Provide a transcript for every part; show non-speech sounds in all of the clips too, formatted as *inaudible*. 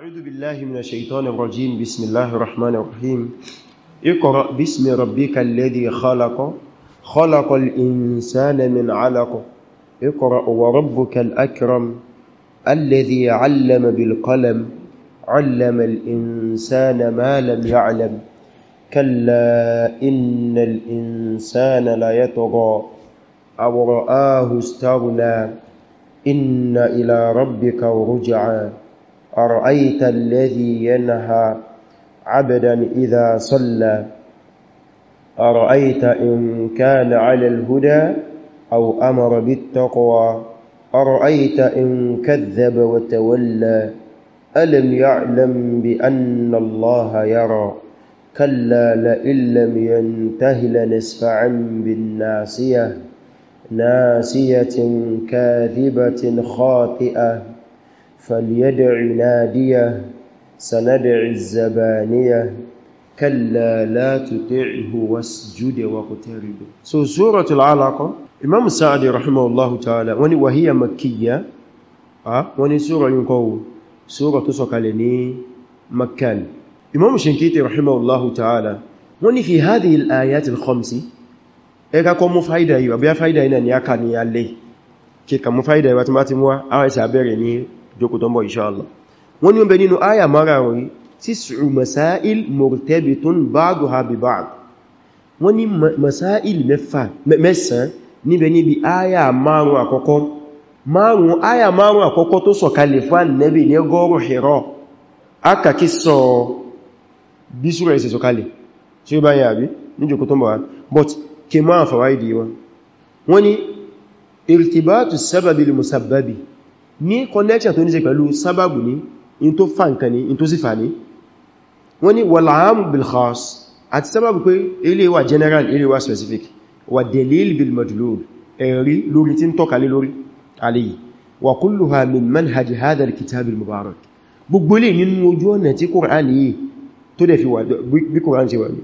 أعوذ بالله من الشيطان الرجيم بسم الله الرحمن الرحيم اقرأ باسم ربك الذي خلق خلق الإنسان من علق اقرأ وربك الأكرم الذي علم بالقلم علم الإنسان ما لم يعلم كلا إن الإنسان ليطغى أو رآه استغنى إن إلى ربك رجعا أرأيت الذي ينهى عبدا إذا صلى أرأيت إن كان على الهدى أو أمر بالتقوى أرأيت إن كذب وتولى ألم يعلم بأن الله يرى كلا لئن لم ينته لنسفعا بالناسية ناسية كاذبة خاطئة فليدع ناديه سندع الزبانية كلا لا تطعه واسجد واقترب so سورة العلاقة Imam Sa'di rahimahullahu ta'ala wọ́n ní وهي مكية wọ́n ní sura yunkowo sura tó sọ̀kalẹ̀ ní Makkan Imam Shinkiti rahimahullahu ta'ala wọ́n ní في هذه الآيات الخمس ẹka kọ mú fáìdà yíwa bí á fáìdà yína ni a kà ní alẹ́ kíkà mú fáìdà yíwa tí má ti mú wá àwọn ìsàbẹ̀rẹ̀ ní jókòó tó ń bọ̀ inṣáàlá wọ́n ní ó bẹ nínú àyà márààrún yìí tis'u masail murtabatun ba'duha bi ba'd wọ́n ní masail mẹ́fà mẹ́sàn níbẹ̀ níbi àyà márùn àkọ́kọ́ márùn àyà márùn àkọ́kọ́ tó sọ̀kalẹ̀ fún Ànábì ní gọ́rùn Hira aka kí sọ bí súrẹ̀ ìsẹ̀ sọ̀kalẹ̀ tí ó bá yà bí ní jòkó tó ń bọ̀ wá but kí máa fàwáìdì wọn wọ́n ní irtibatu sábàbí musabbabi ní connection tó ní ṣe pẹ̀lú sábàbù ní in tó fa nǹkan ní in tó sì fà ní wọ́n ní wàláàmù bilkhas àti sábàbù pé ilé wa general ilé wa specific wà delil bil madlul ẹ̀rí lórí tí ń tọ́ka lórí alayhi wà kulluha min manhaji hadha al mubarak gbogbo lè nínú ojú ọ̀nà tí Qur'an yìí tó dẹ̀ fi wà bí Qur'an ṣe wà ní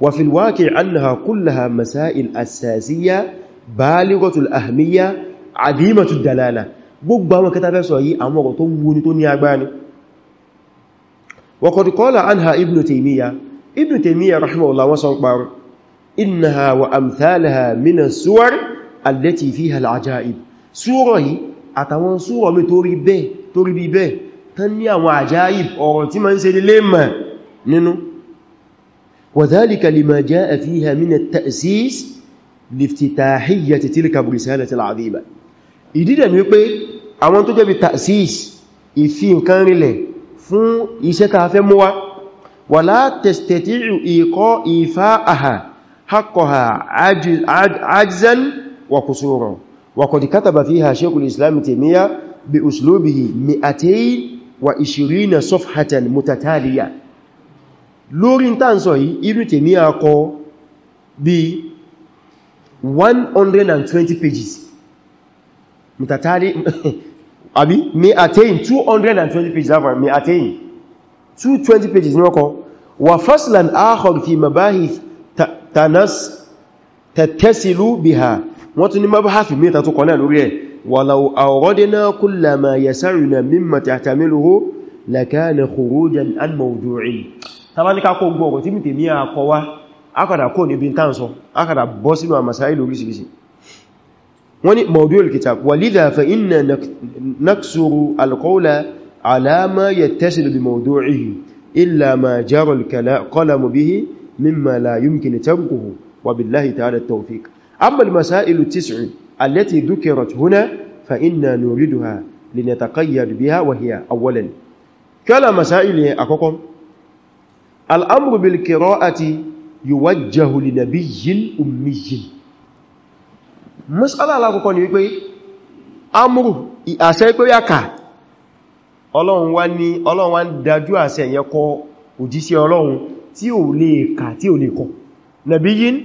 wà fil waqi annaha kullaha masail asasiyya balighatul ahmiyya adimatud dalala gbogbo àwọn kẹta fẹ́ sọ yí àwọn ọ̀rọ̀ tó ń ní tó ní agbára ni waqad qala anha ibn taymiya ibn taymiya rahimahullah wọ́n sọ ń parọ́ innaha wa amthalaha min as-suwar allati fiha al-ajaib súrọ̀ yìí àtàwọn súrọ̀ mi tó rí bẹ́ẹ̀ tó rí bí bẹ́ẹ̀ tán ní àwọn ajaib suro yii atawon suro mi to ri bẹ́ to tí ma ń ṣe lè mọ̀ nínú wa dhalika lima jaa fiha min at-ta'sis liftitahiyati tilka risalati al-'azima ìdídẹ̀ ni wípé àwọn tó jẹ́bi ta'sis ìfi nǹkan rinlẹ̀ fún iṣẹ́ ta fẹ́ múwá wala tastati'u ìkọ́ ìfá àhà haqqaha ajzan wa qusuran wa qad kataba fiha shaykhul islam Taymiyya bi uslubihi mi'atayn wa ishirina safhatan mutataliya lórí tàǹsọ̀ yìí Ibn Taymiyya kọ bí 120 pages mutatali *laughs* abi mi attain 220 pages afar mi attain 220 pages ni wọ́kọ́ wa faslan akhar fi mabahith tanas tattasilu biha wọ́n tún ní mabahith mi ta tó kọ́ náà lórí ẹ̀ walau awradna kulla ma yasaruna mimma tahtamiluhu lakana khurujan an mawdu'in tabani ka ko gbogbo tí mi tèmi àkọwá akọ̀dà kò níbi tánṣọ́ akọ̀dà bọ́ sínú àmàsáìlú orísìírísìí وني موضوع الكتاب ولذا فإن نكسر القول على ما يتصل بموضوعه إلا ما جرى القلم به مما لا يمكن تركه وبالله تعالى التوفيق أما المسائل التسع التي ذكرت هنا فإنا نوردها لنتقيد بها وهي أولا كلا مسائل أكوكم الأمر بالقراءة يوجه لنبي أمي mas'ala alákọ̀ọ́kọ́ ni wípé amúrù àṣẹ pé yàkà ọlọ́run wá ní ọlọ́run wá ń dájú àṣẹ yẹn kọ òjíṣẹ́ ọlọ́run tí ò lè kà tí ò lè kọ nabiyyin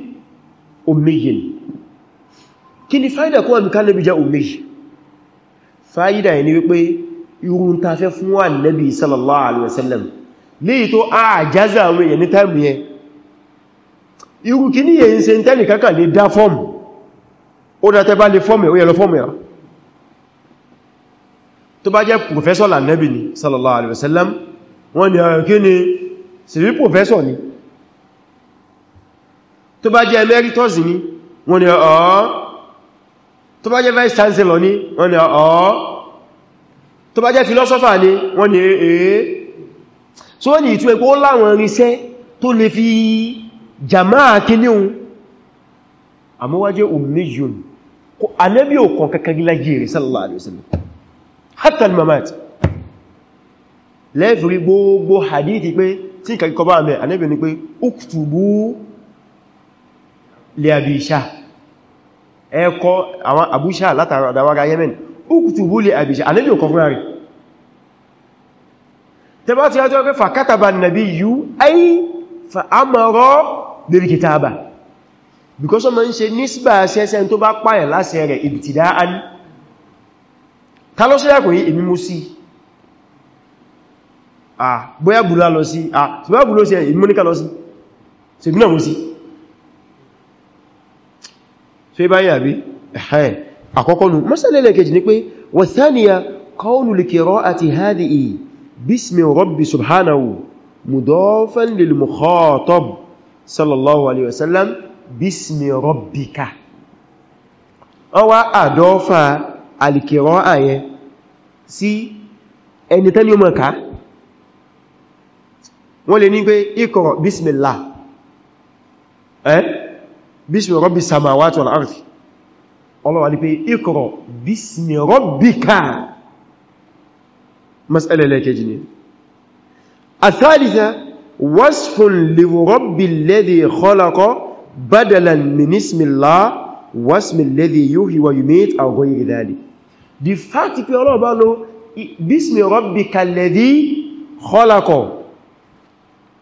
ummiyin kí ni fáyídà kó wọ́n ká nẹ́bí jẹ́ ummiyi fáyídà yẹn ni wípé irun ta fẹ́ fún sallallahu alaihi wasallam léyìí tó àjáza àwọn èèyàn ní táìmù yẹn irú kí ní èyí se ń tẹ́lì kákà lè dá fọ́ọ̀mù ó dá tẹ́ bá lè fọ́mẹ̀ ó yẹ lọ fọ́mẹ̀ tó bá jẹ́ pòfẹ́sọ̀ lànẹ́bì ni sallallahu alaihi wasallam wọ́n ni ọ̀rọ̀ ah, kí ni síbí pòfẹ́sọ̀ ni tó bá jẹ́ emeritus ni wọ́n ni ọ̀ọ́ ah, tó bá jẹ́ vice chancellor ni wọ́n ni ọ̀ọ́ ah, tó bá jẹ́ philosopher ni wọ́n ni èé eh, eh. so wọ́n ni ìtú ẹgbẹ́ ó láwọn irinṣẹ́ tó lè fi jàmáà kí ní un àmúwájẹ́ anẹ́bí òkàn kankan láyé rẹ̀ sallallahu alaihi wasallam hatta al-mamat lẹ́fìrí gbogbo hadithi pé tí kàkíkọ bá mẹ́ anẹ́bí ni pé uktubu li Abi Shah ẹkọ àwọn Abu Shah látara àdáwárá Yemen uktubu li Abi Shah anẹ́bí òkàn fúnra rẹ̀ tẹbá pé fa kataba an-nabiyyu ay fa amara because ọmọ ń ṣe nísbà ṣẹ́ṣẹ́ tó bá pààyàn láti rẹ̀ ìbìtìdá án ta ló ṣílẹ̀ kò yí èmi mú sí ah bóyá bùlá lọ sí ah bóyá bùlá sí èmi mọ́níkà lọ sí so ìbínà mú sí so ibá yà bí ẹ̀hẹ́ àkọ́kọ́ nù mọ́sánlẹ̀lẹ̀ kejì sallallahu alaihi wasallam bísmi rọ́bíkà wọ́n wá àdọ́fà alìkìrọ́ àyẹ sí ẹni tẹ́lẹ̀ mọ̀ ká wọ́n lè ní pé ikọ̀rọ̀ bísmìlá ẹ́ bísmì rọ́bí samawati wal ardi ọlọ́wà ní pé ikọ̀rọ̀ bísmì rọ́bíkà mas'ala lẹ́kẹjì ni الثالثة وصف لرب الذي خلق badalan min ismillah wasmi alladhi yuhyi wa yumit aw ghayri dhalik the fact pé Ọlọ́run bá lò bismi rabbikal ladhi khalaqa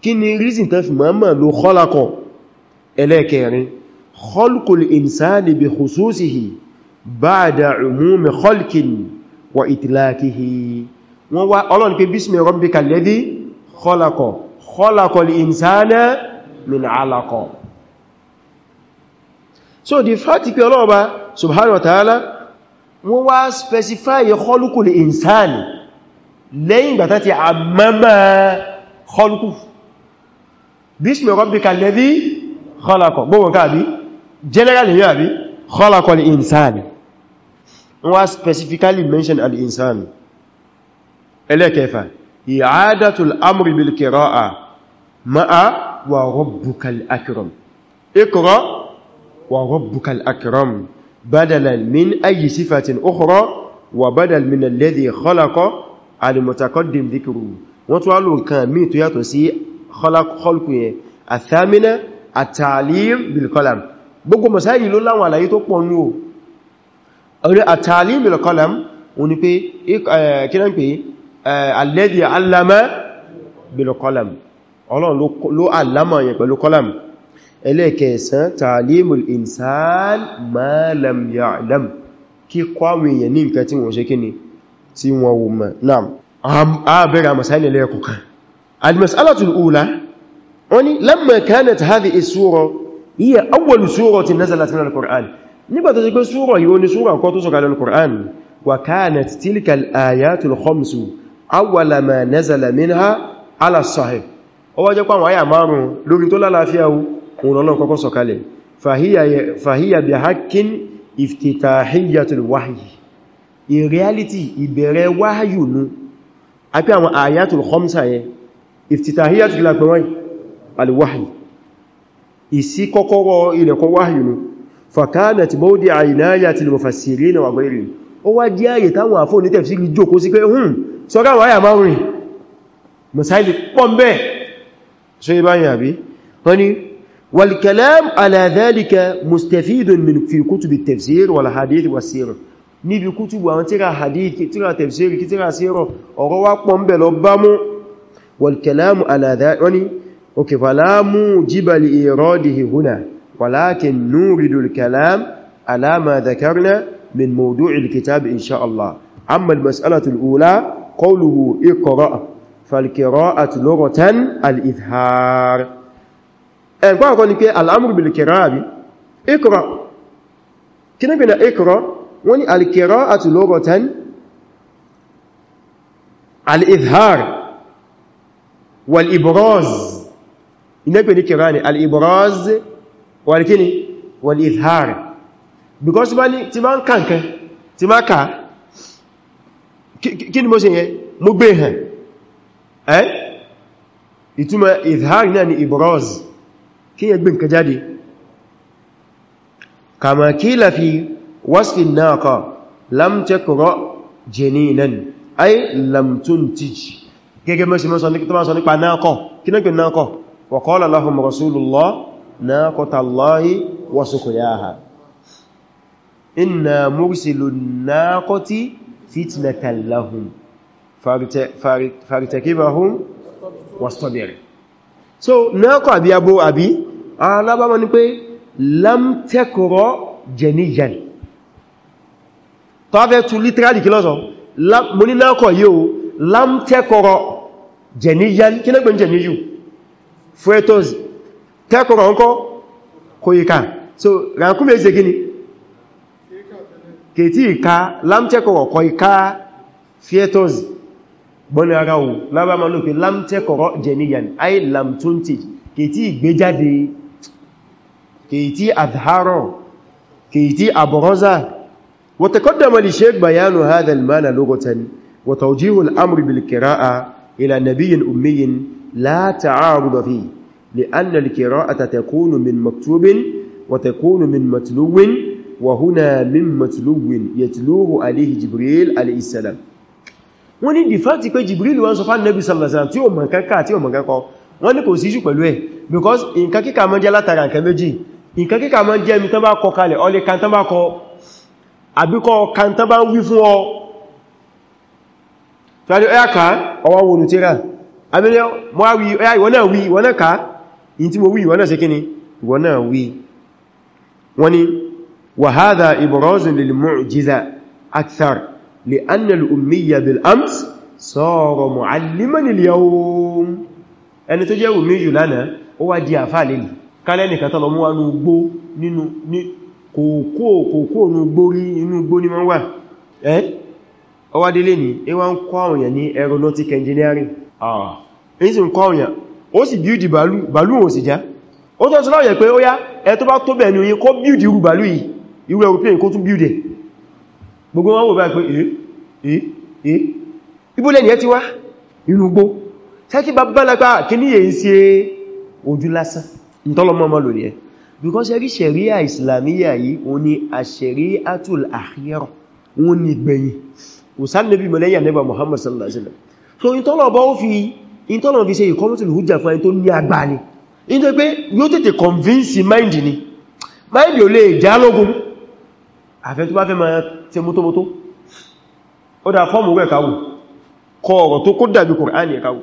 kíni reason tán fi mama lò khalaqa ẹlẹ́kẹrin khalqul insani bi khususihi ba'da umumi khalqin wa itlaqihi wọ́n wá Ọlọ́run pé bismi rabbikal ladhi khalaqa khalaqal min alaqa so the fact pé ọlọ́ọ̀bá subhanahu wa ta'ala wọ́n wá specify kọlùkù lè insan lẹ́yìn gbàtà ti àmàmà kọlùkù bismi rabbika alladhi khalaqa gbogbo nǹkan àbí generally yóò àbí khalaqa lè insan wọ́n wá specifically mention al insan ẹlẹ́kẹfà i'adatul amri bil qira'a ma'a wa rabbukal akram iqra' وربك الأكرم بدلا من أي صفة أخرى وبدل من الذي خلق المتقدم ذكره وطوالو كان ميتو ياتو سي خلق خلقه الثامنة التعليم بالقلم gbogbo masáyì ló láwọn àlàyé tó pọ̀ ní o orí àtàlì mìlọ̀kọ́lám òní pé kíná pé alẹ́dì alama mìlọ̀kọ́lám ọlọ́run ló alama yẹn pẹ̀lú kọ́lám ẹlẹ́ẹ̀kẹsàn tààlímùl insan ma lam ya'lam kí kwáwọn èèyàn ní nǹkan tí wọ́n ṣe kíni tí wọ́n wò mọ̀ náà a bẹ̀rẹ̀ àmàsáyìn ẹlẹ́ẹ̀kọ̀kan almasalatul ula wọ́n ni lamma kanat hadhi isura hiya awwal suratin nazalat min al-Qur'an nígbà tó ṣe pé súrọ̀ yíó ní súrọ̀ kọ́ tó sọ̀kalẹ̀ al-Qur'an wa kanat tilka jẹ́ pàwọn àyà márùn-ún lórí tó lálàáfíà òun lọ́nà kọ́kọ́ sọ̀kalẹ̀ fàhíyà bí hakin iftitahiyyatul wahyi in reality ìbẹ̀rẹ̀ wáyù nú àpí àwọn ayatul khamsa yẹn iftitahiyyatul lápẹ̀wọ́n alwahyi ìsí kọ́kọ́rọ̀ ilẹ̀kọ́ wáyù nú fakanat mawdi inayatil mufassirin wa ghayrin ó wá jẹ́ àyè táwọn àfò ní tẹ̀fsìrì jókó sí pé hùn sọ́gá wáyà máa rìn masáìlì pọ́m̀bẹ̀ والكلام على ذلك مستفيد من في كتب التفسير والحديث والسيرة níbi kútùbù àwọn tíra hadith tíra tafsiri kí tíra sírọ̀ ọ̀rọ̀ wá pọ̀ ń bẹ̀ lọ والكلام على ذلك wani يعني، اوكي فلا موجب لإراده هنا ولكن نورد الكلام على ما ذكرنا من موضوع الكتاب إن شاء الله أما المسألة الأولى قوله اقرأ فالقراءة لغة الإظهار ẹ̀gbọ́n àkọ́ ni pé al'amur bil kirabi ikra kí ní pìnà ikra wọ́n ni al-qira'atu lughatan al-izhar wal-ibraz iná pè ní kira ni al-ibraz wal-kini wal-izhar because bá ní ti bá ń kànkan ti má ká kí ni mo ṣe yẹn mo gbé e hàn ẹ́ ìtumọ̀ izhar náà ni ibraz kí yẹ gbé nǹkan jáde kama kíla fi wasfi naqa lam taqra jininan ay lam tuntij gẹ́gẹ́ mẹ́sí mẹ́sọ nípa naqa kí náà pè naqa wa qala lahum rasulullah naqatallahi wa suqyaha inna mursilu naqati fitnatan lahum faritakibahum so naqa àbí abo àbí àwọn alábámọ́ ni pé lamtekọrọ jẹniyàn tọ́fẹ́ tún literally kí lọ́sọ̀ mo ní lákọ̀ yíò lamtekọrọ jẹniyàn kí lẹ́gbẹ̀ jẹniyù fúẹ́tọ́s tẹ́kọrọ ǹkọ́ kò yíká so rankú méjì gini kètí ìka lamtekọrọ kọ ìka fúẹ́tọ́s bọ́ni ara ohun lábámọ́ ló pé lamtekọrọ jẹniyàn ai lamtunti kètí ìgbéjáde kèyí tí azharọ̀ kèyí tí àbọ̀rọ́zà وتقدم للشيخ بيان هذا المعنى لغة وتوجيه الأمر بالقراءة إلى نبي أمي لا تعارض فيه لأن القراءة تكون من مكتوب وتكون من متلو وهنا من متلو يتلوه عليه جبريل عليه السلام wọ́n ní dìfáàtí pé jibril wọ́n sọ fán nẹ́bí sallasa tí ó mọ̀ kankan tí ó mọ̀ kankan kò sí ṣù pẹ̀lú ẹ̀ because nǹkan kíkà mọ́ jẹ́ látara nǹkan méjì nǹkan kíkà mọ́ jẹ́ mi tán bá kọ kalẹ̀ ọlẹ́ kan tán bá kọ àbíkọ kan tán bá ń wí fún ọ tàbí ọyá ká ọwọ́ wọn tíra abílẹ̀ mọ́ wí ọyá ìwọ náà wí ìwọ náà ká in tí mo wí ìwọ ẹni tó jẹ́ ummiyu lánàá ó wá di àfáà lẹ́yìn kálẹ́nìkan tọ́lọ mú wá ní ugbó nínú ní kòkó ní ugbó rí inú ugbó ní wọ́n wà ẹ́ ọwádélé ní ẹwà ń kọ́ àwòyàn ní aeronautic engineering ah èyí sì ń kọ́ àwòyàn ó sì bíúdì bàálù ò sì já ó tọ́ sí láwọ̀yẹ̀ pé ó yá ẹ tó bá tó bẹ̀ ní kó bíúdì irú bàálù yìí irú aeroplane kó tún bíúdì gbogbo wọn wò báyìí lásán ntọ́lọmọ́ mọ́ lórí ẹ̀ because ẹ̀rí ṣẹ̀ríà islamiyya yìí òun ni ash atul akhira òun ni gbẹ̀yìn òsánlẹ́bí mọ̀lẹ́yà nẹ́bà Muhammad sallallahu alaihi wasallam so ìtọ́lọ̀bọ́ ó fi ìtọ́lọ̀ fi ṣe ìkọmọ́tìlù hujja fún ẹni tó ní agbá ni in tó pé yóò tètè convince mind mind ò lè jálógún àfẹ́ tó bá fẹ́ máa ṣe mótómótó ó dá fọ́ọ̀mù rẹ̀ káwò kọ ọ̀rọ̀ tó kó dàbí Kùránì káwò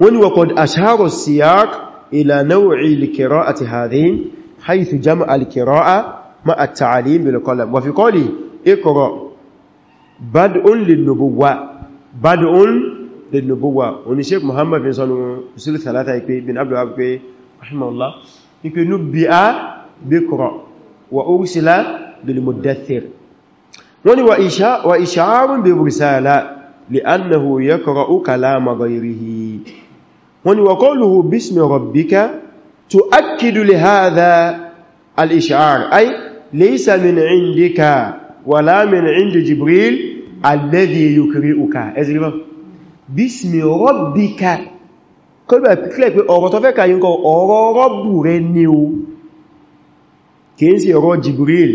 wọ́n ni wọ́kọ̀ àṣàrọ̀ síyàkù إلى نوع القراءة هذه حيث جمع القراءة مع التعليم بالقلم وفي قوله اقرأ بدء للنبوة بدء للنبوة ونشيك محمد بن صلى وسلم ثلاثة بن عبد الوهاب رحمه الله يقول نبئ بقرأ وأرسل بالمدثر وني وإشعار بالرسالة لأنه يقرأ كلام غيره wọ́n ni waqawluhu bismi rabbika tu'akkidu li hadha al-ish'ar ay laysa min indika wala min indi jibril alladhi yukri'uka ẹzìrìbá bismi rabbika kọlùbà pílẹ̀ pé ọ̀rọ̀ tó fẹ́ kàyí nǹkan ọ̀rọ̀ rọ́bù rẹ ni o kìí sí ọ̀rọ̀ jibril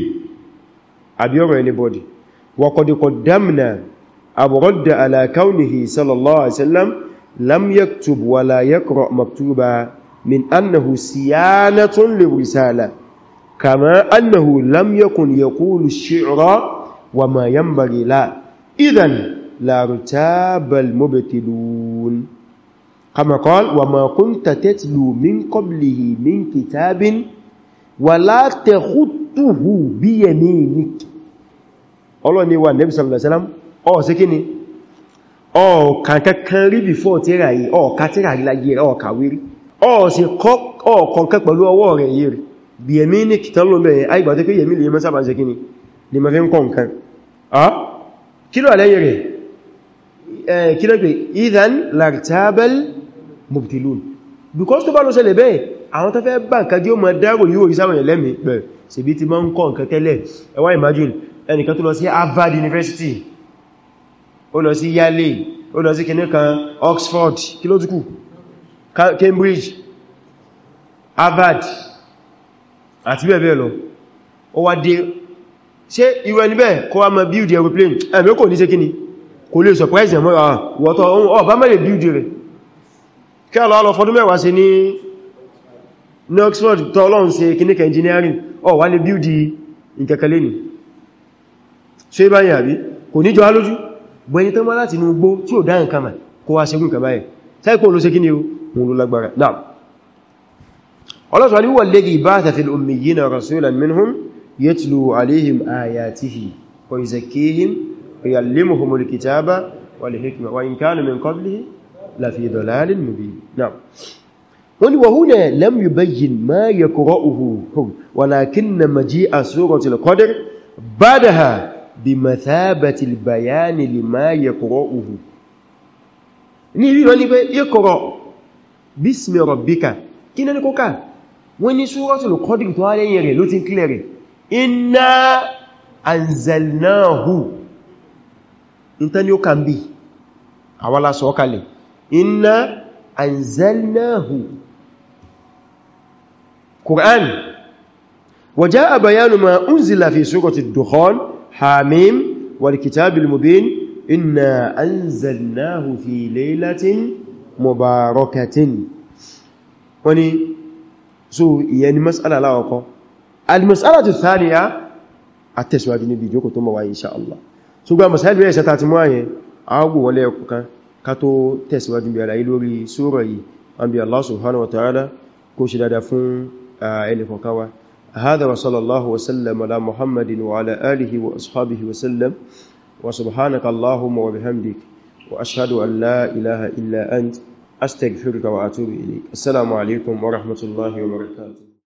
lam yaktub wa la yaqra maktuba min annahu siyanatun lirisala kama annahu lam yakun yaqulu ash-shi'ra wa ma yanbaghi la idhan la rutaba al-mubtilun kama qala wa ma kunta tatlu min qablihi min kitabin wa la takhutuhu bi yaminik Ọlọ́run ni wa nabi sallallahu alaihi wasallam ó ṣe kíni ọ̀ọ̀kan kankan rí before tíra yìí ọ̀ọ̀ká tíra rí láyé rẹ̀ ọ̀ọ̀ká wírí ọ̀ọ̀sì kọ̀ọ̀kan pẹ̀lú ọwọ́ rẹ̀ yìí rí bí ẹ̀mí ní kìtà ló mẹ́rin àìgbà tó kí yẹ̀mí lè mẹ́ sábà ń ṣe kí ni lè mẹ́ fi ń kọ̀ nǹkan kí ló àlẹ́yìn rẹ̀ kí ló pé ethan lartabel mubtilun because tó bá ló ṣẹlẹ̀ bẹ́ẹ̀ àwọn tó fẹ́ bá nǹkan jí ó mọ dárò yíò rí sáwọn ẹ̀lẹ́mì pẹ̀ ṣèbí ti máa ń kọ́ nǹkan tẹ́lẹ̀ ẹwà imagine Harvard University ó lọ sí Yale ó lọ sí kìní kan Oxford kí ló túkù Cambridge Harvard àti bẹ́ẹ̀bẹ́ẹ̀ lọ ó wá dé ṣe irú ẹni bẹ́ẹ̀ kó wá mọ́ build aeroplane ẹ̀mí kò ní ṣe kíni kò lè surprise ẹ̀mọ́ wọ́tọ̀ ọba mẹ́lẹ̀ build rẹ̀ kí àlọ́ àlọ́ fọdún mẹ́wàá ṣe ní ní Oxford tọ́lọ́n ṣe kíníkà engineering ọ wá lè build ìkẹkẹlẹ́ ni ṣe báyìí àbí kò ní jọ alójú bẹ̀yìn tó mọ́ láti inú gbó tí ò dáyìn kama kó wá ṣegún kà báyìí sẹ́kọ́ ló ṣe kí ni o mú ló lágbára náà ọlọ́sọ̀ aléwọ̀ lè ba'atha fil ummiyyina rasulan minhum yatlu alayhim ayatihi wa yuzakkihim wa yu'allimuhumul kitaba wal hikma wa in kanu min náà بمثابة البيان لما يقرأه ní rí wọ́n ní pé ìkọ̀rọ̀ bísmi rọ̀bíkà kí náà ní kó ká wọ́n ní ṣúrọ́tùl kọ́dìrì tó ayẹyẹ rẹ̀ ló ti ń kílẹ̀ rẹ̀ iná anzalnahu níta ni ó kà ń bí àwọ́lá hamim wal kitabil mubin inna anzalnahu fi laylatin mubarakatin wani so ìyẹn ni mas'ala láwọ́kọ́ al-mas'ala tu thaniya a tẹ̀síwájú níbi ìjókòó tó mọ̀wá insha Allah so gba masáìlú ẹ̀ṣẹ́ ta ti mọ́ àyẹn àágbò wọlé ẹkùnkan ká tó tẹ̀síwájú bí aláyé lórí sura yìí an bí Allah subhanahu wa ta'ala kó ṣe dada fún ẹnìkọ̀ọ̀kan wa هذا وصلى الله وسلم على محمد وعلى آله وأصحابه وسلم وسبحانك اللهم وبحمدك وأشهد أن لا إله إلا أنت أستغفرك وأتوب إليك السلام عليكم ورحمة الله وبركاته